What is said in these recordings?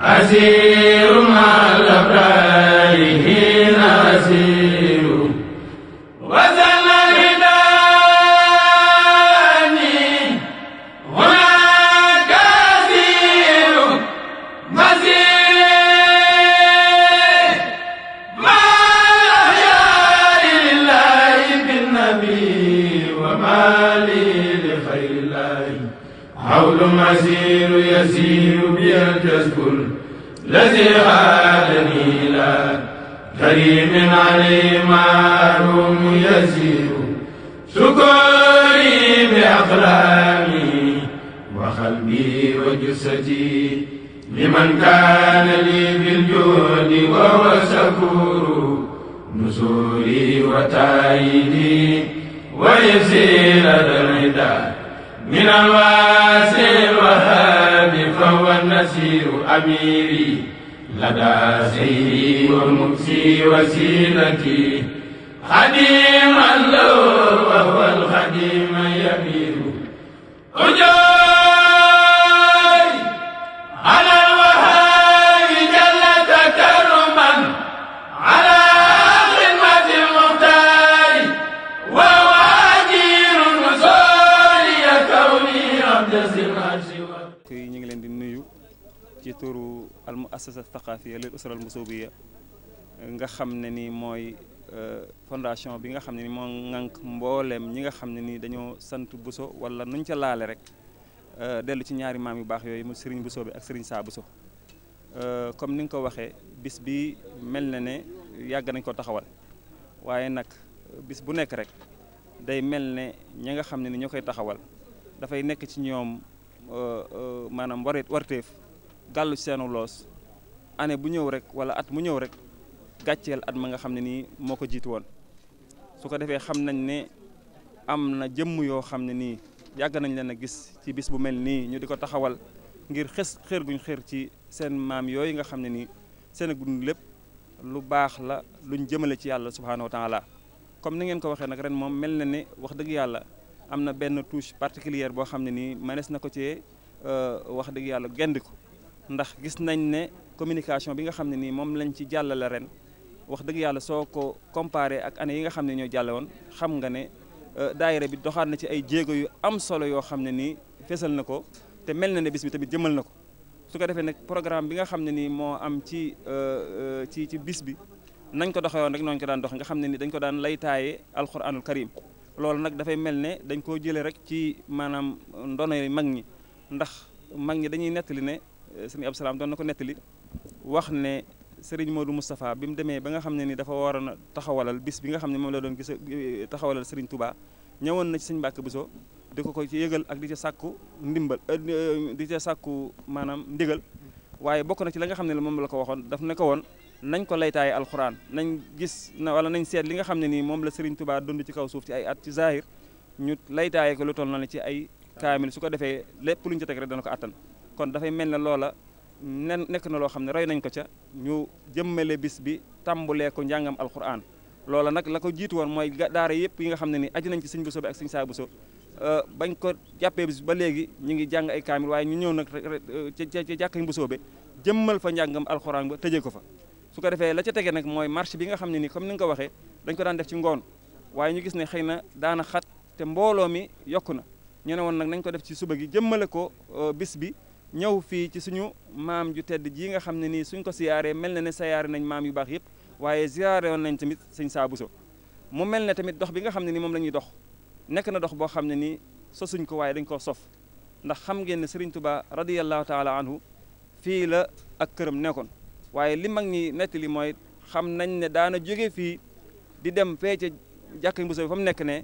Aziz المسير يسير بي التذكر الذي خالني لا كريم علي معلوم يسير سكري بأقلامي وقلبي وجسدي لمن كان لي بالجود وهو سكور نزولي وتأييدي ويسير الرداد من الواسع الوهاب فهو النسير أميري لدى سيري ومكسي وسيرتي خديما له وهو الخديم يمير أجاب al muassasa thaqafiya lil usra al musubiya nga xam ne ni mooy euh, fondation bi nga xam ne ni moo ŋànk mbooleem ñi nga xam ne ni dañoo sant Bousso walla nuñ ca laale rek euh, dellu ci ñaari maam yu baax yooyu mu Serigne Bousso bi ak Serigne Saa Bousso euh, comme ni nga ko waxee bis bi mel na ne yàgg nañ ko taxawal waaye nag bis bu nekk rek day mel ne ñi nga xam ne ni ñoo koy taxawal dafay nekk ci ñoom maanaam wareet warteef gàllu seenu loos année bu ñëw rek wala at mu ñëw rek gàcceel at ma nga xam ne nii moo ko jiitu woon su ko defee xam nañ ne am na jëmm yoo xam ne nii yàgg nañ leen a gis ci bis bu mel nii ñu di ko taxawal ngir xes xër guñ xër ci seen maam yooyu nga xam ne nii seen dund lépp lu baax la luñ jëmale ci yàlla subhaanahu wa taala comme ni ngeen ko waxee nag ren moom mel na ne wax dëgg yàlla am na benn touche particulière boo xam ne nii mënees na ko cee euh, wax dëgg yàlla gendiku ndax gis nañ ne communication bi nga xam ne nii moom lañ ci jàllale ren wax dëgg yàlla soo ko comparé ak année yi nga xam ne ñoo jàlle woon xam nga ne euh, daayira bi doxaat na ci ay jéego yu am solo yoo xam ne nii fesal na ko te mel na ne bis bi jëmal na ko su ko defee programme bi nga xam ne nii moo am ci euh, euh, ci ci bis bi nañ ko doxee woon rek nooñu ko daan dox nga xam ne ni dañ ko daan laytaaye alquranul karim loolu nag dafay mel ne dañ koo jëlee rek ci maanaam ndono mag ñi ndax mag ñi dañuy nettali ne sëñ Abdou Salaam doon na ko nettali wax ne Serigne Modou Moustapha bi mu demee ba nga xam ne ni dafa waroon a taxawalal bis bi nga xam ne moom la doon gis taxawalal Serigne Touba ñëwoon na ci sëñ Mbàkke Buso di ko ko ci yëgal ak di ca sàkku ndimbal euh, euh, di ca sàkku maanaam ndigal waaye bokk ci la nga xam ne moom la ko waxoon daf ne ko woon nañ ko laytaaye alxuraan nañ gis na wala nañ seet li nga xam ne nii moom la Serigne Touba dund ci kaw suuf ci ay at ci zahir ñu laytaaye ko lu toll na ci ay kaamil su ko defee lépp lu ñu teg rek dana ko attan kon dafay mel na loola nen nekk na loo xam ne roy nañ ko ca ñu jëmmale bis bi tàmbulee ko njàngam alxuraan loola nag la ko jiitu woon mooy daara yëpp yi nga xam ne ni aju nañ ci sëñ Bousso bi ak sëñ Saa Bousso euh, bañ ko jàppee bis ba léegi ñu ngi jàng ay kaamil waaye ñu ñëw nag euh, ca ca jàkkañ Bousso bi jëmmal fa njàngam alxuraan ba tëjee ko fa su ko defee la ca tege nag mooy marche bi nga xam ne ni comme ni nga ko waxee dañ ko daan def ci ngoon waaye ñu gis ne xëy na daana xat te mbooloo mi yokku na ñu ne nag nañ ko def ci suba gi jëmmale ko euh, bis bi ñëw fii ci suñu maam ju tedd ji nga xam ne nii suñ ko siyaaree mel na ne siyaare nañ maam yu baax yëpp waaye siyaare yoon nañ tamit sëñ Saabuso mu mel ne tamit dox bi nga xam ne ni moom la ñuy dox nekk na dox boo xam ne nii sosuñ ko waaye dañ koo sof ndax xam ngeen ne Serigne Touba radiyallahu taala anhu fii la ak këram nekkoon waaye li mag ñi nettali mooy xam nañ ne daana jóge fii di dem fee ca jàkka Mbuso bi fa mu nekk ne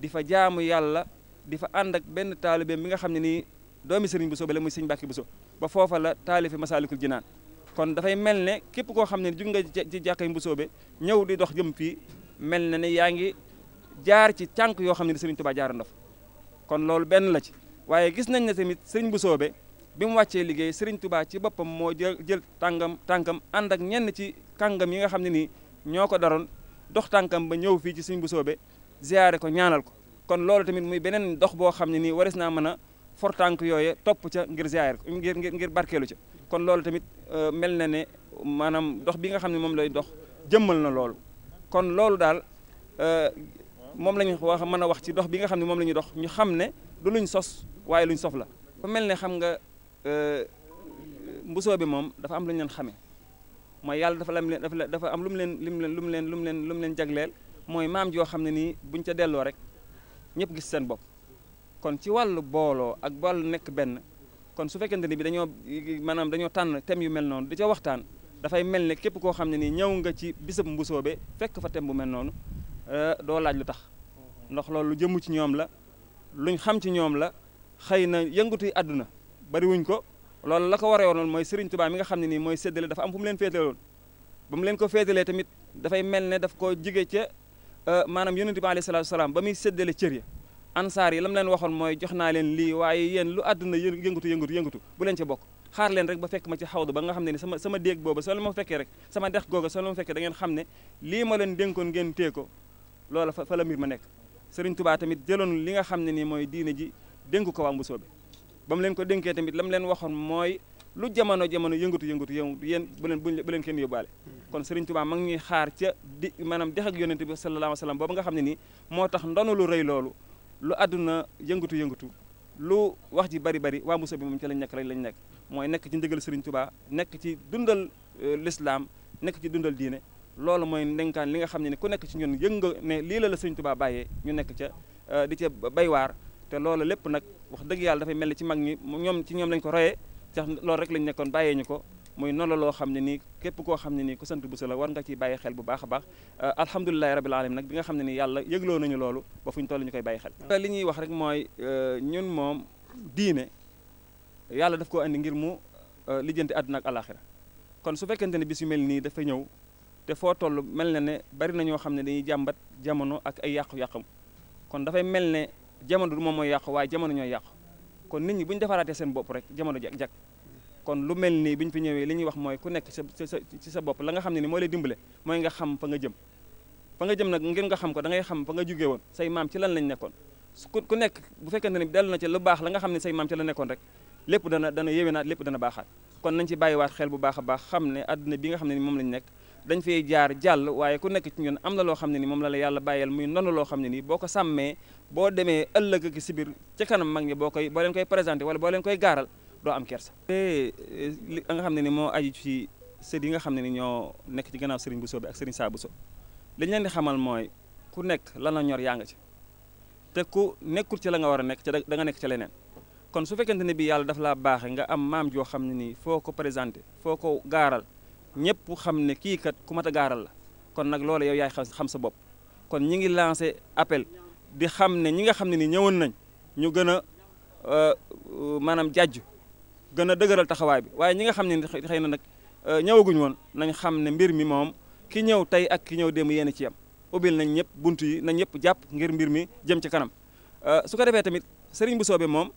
di fa jaamu yàlla di fa ànd ak benn taalibeem bi nga xam ne nii doomi sëriñ Bousso ba la muy sëñ bu Bousso ba foofa la taalifi Masaalikul Jinaan kon dafay mel ne képp koo xam ne jug nga ci jàkkay bu be ñëw di dox jëm fii mel na ne yaa ngi jaar ci cànk yoo xam ne sëriñ Tuubaa jaara ndof kon loolu benn la ci waaye gis nañ ne tamit sëriñ bu be bi mu wàccee liggéey sëriñ tubaa ci boppam moo jël jël tàngam tànkam ànd ak ñenn ci kàngam yi nga xam ne nii ñoo ko daroon dox tànkam ba ñëw fii ci sëriñ bu be ziyaare ko ñaanal ko kon loolu tamit muy beneen dox boo xam ne nii waris naa mën a for tànk yooyu topp ca ngir ziar ngir ngir ngir barkeelu ca kon loolu tamit euh, mel na ne maanaam dox bi nga xam ne moom lay dox jëmmal na loolu kon loolu daal euh, moom la ñu wax mën a wax ci dox bi nga xam ne moom la ñuy dox ñu xam ne du luñ sos waaye luñ sof la fa mel ne xam nga euh, mbusoo bi moom dafa am lu ñu leen xamee mooy yàlla dafa lam leen dafa dafa am lu mu leen lim leen lu mu leen lu mu leen lu mu leen jagleel mooy maam joo xam ne nii buñ ca delloo rek ñëpp gis seen bopp kon ci wàllu booloo ak wàllu nekk benn kon su fekkente ni bi dañoo maanaam dañoo tànn thème yu mel noonu di ca waxtaan dafay mel ne képp koo xam ne nii ñëw nga ci bisab mbusoobe fekk fa thème bu mel noonu euh, doo laaj lu tax ndax loolu lu ci ñoom la luñ xam ci ñoom la xëy na yëngatuy àdduna bariwuñ ko loolu la ko waree woon mooy Serigne Touba mi nga xam ne nii mooy séddale dafa am fu mu leen féetaloon leen ko féetalee tamit dafay mel ne daf ko jige ca euh, maanaam yonente bi alayhi salaatu wa salaam ba muy seddale cër ya ansaar yi lam leen waxoon mooy jox naa leen lii waaye yéen lu àdduna yëngatu yëngatu yëngatu bu leen ca bokk xaar leen rek ba fekk ma ci xawdu ba nga xam ne ni sama sama déeg booba soo ne lii ma leen dénkoon ngeen tée ko fa la mbir ma nekk Sëriñ tamit jëloon li nga xam ne ni mooy diine ji dénk ko waa Mbusoobe ba mu leen ko dénkee tamit lam leen waxoon mooy lu jamono jamono yëngatu yëngatu yow yéen bu leen bu leen kenn kon Sëriñ Tubaa ma xaar ca maanaam dex ak yonente bi sallallahu alayhi wa sallam nga xam ne nii moo tax ndonu lu rëy loolu lu àdduna yëngatu yëngatu lu wax ji bari bari waa Mbuso bi moom ci lañ nekk lañ nekk mooy nekk ci ndigal Serigne Touba nekk ci dundal euh, lislaam nekk ci dundal diine loolu mooy ndenkaan li nga xam ne ku nekk ci ñun yënga ne lii la la Serigne Touba bàyyee ñu nekk ca euh, di ca bay waar te loolu lépp nag wax dëgg yàlla dafay mel ni ci mag ñi ñoom ci ñoom lañ ko royee sax loolu rek lañ nekkoon bàyyee ñu ko muy noonu loo xam ne nii képp koo xam ne nii ku sant Bousso la war nga ciy bàyyi xel bu baax a baax euh, alhamdulilahi rabil alamin nag bi nga xam ne nii yàlla yëgloo nañu loolu ba fu ñu toll ñu koy bàyyi xel ah. li ñuy wax rek mooy euh, ñun moom diine yàlla daf koo andi ngir mu euh, lijjanti àdduna ak kon su fekkente ne bis yu mel nii dafa ñëw te foo toll mel na ne bari na ñoo xam ne dañuy jàmbat jamono ak ay yàqu-yàqam kon dafay mel ne jamono du moom mooy yàqu waaye jamono ñooy yàqu kon nit ñi bu ñu defaraatee seen bopp rek jamono jag jag kon lu mel nii bi ñu fi ñëwee li ñuy wax mooy ku nekk sa sa ci sa bopp la nga xam ne ni moo lay dimbale mooy nga xam fa nga jëm fa nga xam ko da ngay xam fa nga jógee say maam ci lan lañ nekkoon ku nekk bu fekkente ne dellu na ci lu baax la nga xam ne say maam ci la nekkoon rek lépp dana dana yéwénaat lépp dana kon nañ ci bàyyiwaat xel bu baax a baax xam ne àdduna bi nga xam ne ni moom lañ nekk dañ fay jaar jàll waaye ku nekk ci ñun am na loo xam ne ni moom la la yàlla bàyyeel muy nonu loo xam ne nii boo ko sàmmee boo demee ëllëg ak si biir ci kanam mag ñi boo koy boo leen koy présenté wala boo leen koy gaaral doo am kersa. te a eh, nga xam ne ni moo aju ci sët yi nga xam ne ni ñoo nekk ci gannaaw Serigne Bousso bi ak Serigne Saa Bousso li ñu leen di xamal mooy ku nekk lan la ñor yaa nga ci te ku nekkul ci la nga war a nekk ca da nga nekk ci leneen. kon su fekkente ne bi yàlla dafa laa baaxe nga am maam joo xam ne nii foo ko présenté foo ko gaaral ñëpp xam ne kii kat ku mat a gaaral la kon nag loolu yow yaay xam sa bopp kon ñi ngi lancé appel di xam ne ñi nga xam ne ni ñëwoon nañ ñu gën a euh, euh, maanaam jàjju gën a dëgëral taxawaay bi waaye ñi nga xam ne xëy na nag euh, ñëwaguñ woon nañ xam ne mbir mi moom ki ñëw tey ak ki ñëw démb yéen ci yem ubbil nañ ñëpp bunt yi nañ ñëpp jàpp ngir mbir mi jëm ci kanam euh, su ko defee tamit sëriñ bu soobee moom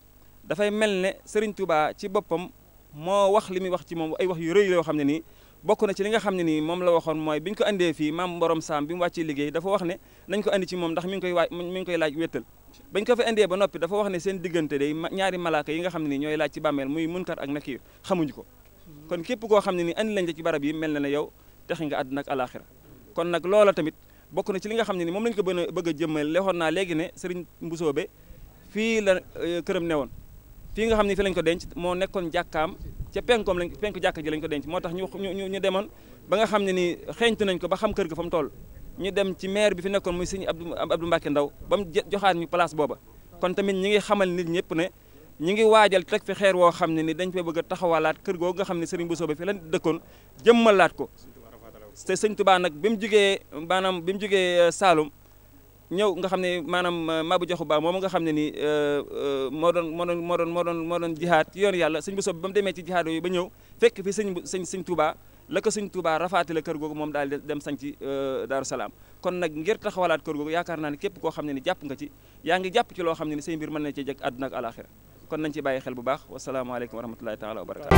dafay mel ne sëriñ tubaa ci boppam moo wax li muy wax ci moom ay wax yu rëy la yoo xam ne nii bokk na ci li nga xam ne nii moom la waxoon mooy bi ñu ko andee fii maam borom saam bi mu wàccee liggéey dafa wax ne nañ ko andi ci moom ndax mi ngi koy waaj mi ngi koy laaj wéttal bañ ko fa indee ba noppi dafa wax ne seen diggante day ñaari malaaka yi nga xam ne nii ñooy laaj ci bàmmeel muy munkar ak nakiir xamuñu ko kon képp koo xam ne nii andi lañ la ci barab yi mel na ne yow texi nga àdduna ak alaxira kon nag loola tamit bokk na ci li nga xam ne nii moom lañ ko bën a bëgg a jëmmal lexoon naa léegi ne sëriñ be fii la euh, këram woon fii nga xam ne fii lañ ko denc moo nekkoon jàkkaam ca penkoom lañ penku jàkka ji lañ ko denc moo tax ñu ñu ñu demoon ba nga xam ne ni xeeñtu nañ ko ba xam kër ga fa mu toll ñu dem ci maire bi fi nekkoon muy sëñ Abdou Abdou Mbacke Ndaw ba mu joxaat ñu place booba kon tamit ñu ngi xamal nit ñëpp ne ñu ngi waajal te fi xeer woo xam ne ni dañ fee bëgg a taxawalaat kër googu nga xam ne sëriñ Bousso ba fi la dëkkoon jëmmalaat ko te sëñ Touba nag bi mu jugee maanaam bi mu jugee euh, Saalum ñëw nga xam ne maanaam euh, Mabou Diakhou Ba moom nga xam ne nii euh, euh, moo doon moo doon moo doon moo doon moo doon jihaad ci yoonu yàlla sëñ Bousso ba mu demee ci jihaad yi ba ñëw fekk fi sëñ sëñ sëñ Touba la ko sëñ Touba rafaati la kër googu moom daal dem sañ ci Daaru Salaam kon nag ngir taxawalaat kër googu yaakaar naa ne képp koo xam ne ni jàpp nga ci yaa ngi jàpp ci loo xam ne ni say mbir mën na cee jëkk àdduna ak kon nañ ci bàyyi bu baax wasalaamaaleykum wa rahmatullahi taala wa barakatu